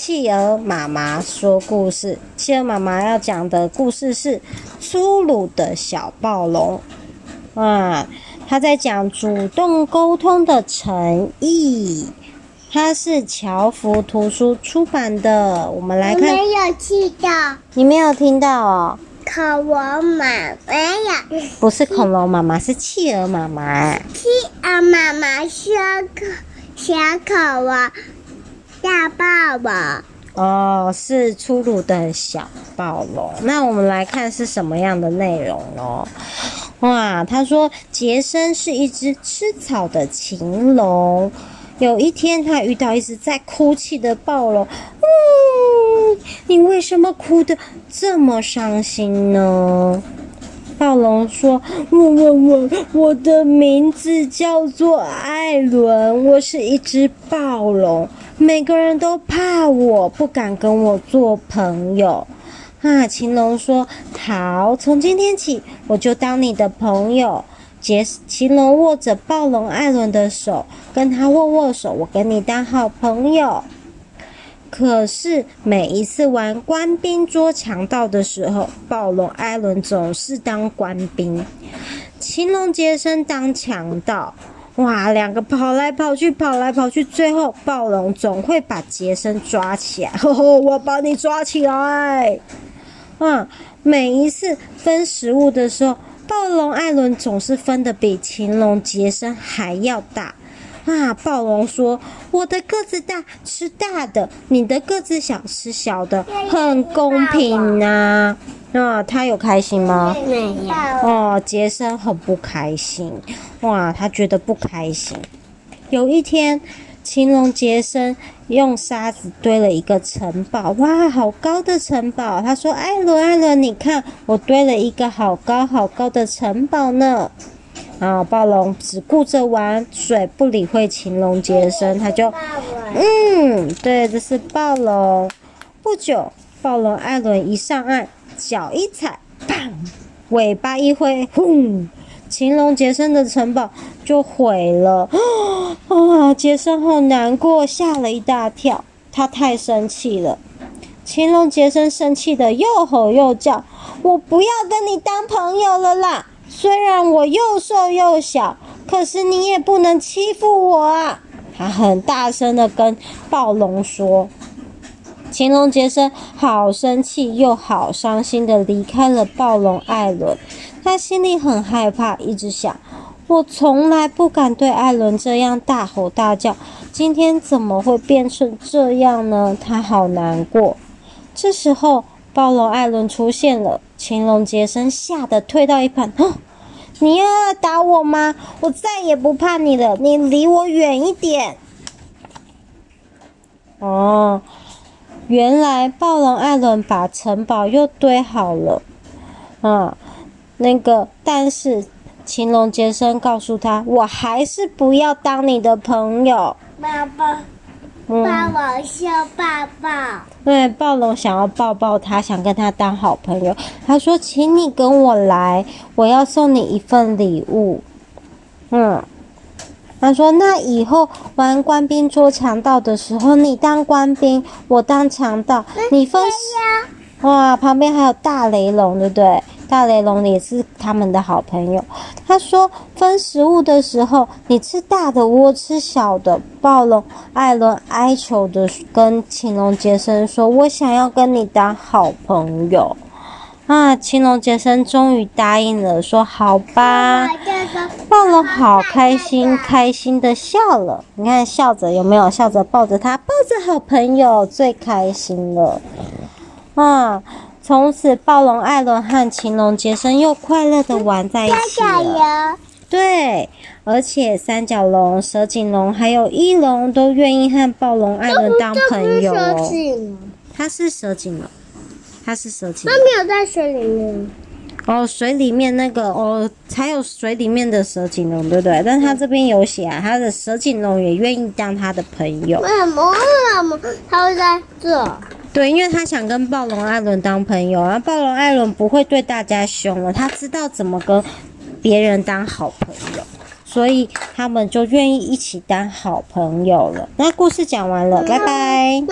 企鵝媽媽說故事。企鵝媽媽要講的故事是《粗魯的小暴龍》啊，它在講主動溝通的誠意。它是喬福圖書出版的。我們來看。沒有聽到。你沒有聽到哦。恐龍媽媽呀？不是恐龍媽媽，是企鵝媽媽。企鵝媽媽說：“口小恐龍。”大暴暴哦，是粗魯的小暴龍。那我們來看是什麼樣的內容哦？哇，他說傑森是一隻吃草的禽龍。有一天，他遇到一隻在哭泣的暴龍。嗯，你為什麼哭得這麼傷心呢？暴龍說：“我我我，我的名字叫做艾倫，我是一隻暴龍，每個人都怕我，不敢跟我做朋友。”啊，秦龍說：“好，從今天起，我就當你的朋友。”傑秦龍握着暴龍艾倫的手，跟他握握手，我跟你當好朋友。可是每一次玩官兵捉強盜的時候，暴龍艾倫總是當官兵，擒龍傑森當強盜。哇，兩個跑來跑去，跑來跑去，最後暴龍總會把傑森抓起來。吼吼，我把你抓起來！啊、嗯，每一次分食物的時候，暴龍艾倫總是分得比擒龍傑森還要大。啊！暴龍說：“我的個子大，吃大的；你的個子小，吃小的吃，很公平吶、啊。”啊，他有開心嗎？沒有。哦，杰、啊、森很不開心。哇，他覺得不開心。有一天，青龍杰森用沙子堆了一個城堡。哇，好高的城堡！他說：“艾倫，艾倫，你看，我堆了一個好高好高的城堡呢。”啊！暴龍只顧着玩水，不理會禽龍杰森。他就，嗯，對，這是暴龍。不久，暴龍艾倫一上岸，腳一踩，砰！尾巴一揮，轟！禽龍杰森的城堡就毀了。啊！杰森好難過，嚇了一大跳。他太生氣了。禽龍杰森生，生氣的又吼又叫：“我不要跟你當朋友了啦！”雖然我又瘦又小，可是你也不能欺負我啊！他很大聲的跟暴龍說。秦龍杰森好生氣又好傷心的離開了暴龍艾倫，他心裡很害怕，一直想：我從來不敢對艾倫這樣大吼大叫，今天怎麼會變成這樣呢？他好難過。這時候，暴龍艾倫出現了。青龍杰森嚇得退到一旁，啊！你又要打我嗎？我再也不怕你了。你離我遠一點。哦，原來暴龍艾倫把城堡又堆好了。啊！那個，但是青龍杰森告訴他：“我還是不要當你的朋友。”爸爸霸、嗯、王笑，抱抱，對，暴龍想要抱抱他，想跟他當好朋友。他說：“請你跟我來，我要送你一份禮物。”嗯，他說：“那以後玩官兵捉強盜的時候，你當官兵，我當強盜，你分。”哇，旁邊還有大雷龍，對不對？大雷龍也是他們的好朋友。他說：“分食物的時候，你吃大的，我吃小的。”暴龍艾倫哀求的跟青龍杰森說：“我想要跟你當好朋友。”啊！青龍杰森終於答應了，說：“好吧。”暴龍好開心，開心的笑了。你看，笑着有沒有？笑着抱着他，抱着好朋友最開心了。啊！從此，暴龍艾倫和禽龍傑森又快樂的玩在一起了。對，而且三角龍、蛇頸龍還有翼龍都願意和暴龍艾倫當朋友。他是蛇頸龍，他是蛇頸龍。他沒有在水裡面。哦，水裡面那個哦，才有水裡面的蛇頸龍，對不對？但他這邊有寫啊，他的蛇頸龍也願意當他的朋友。為什麼？為什麼他會在這？對，因為他想跟暴龍艾倫當朋友啊，暴龍艾倫不會對大家凶了，他知道怎麼跟別人當好朋友，所以他們就願意一起當好朋友了。那故事講完了，拜拜。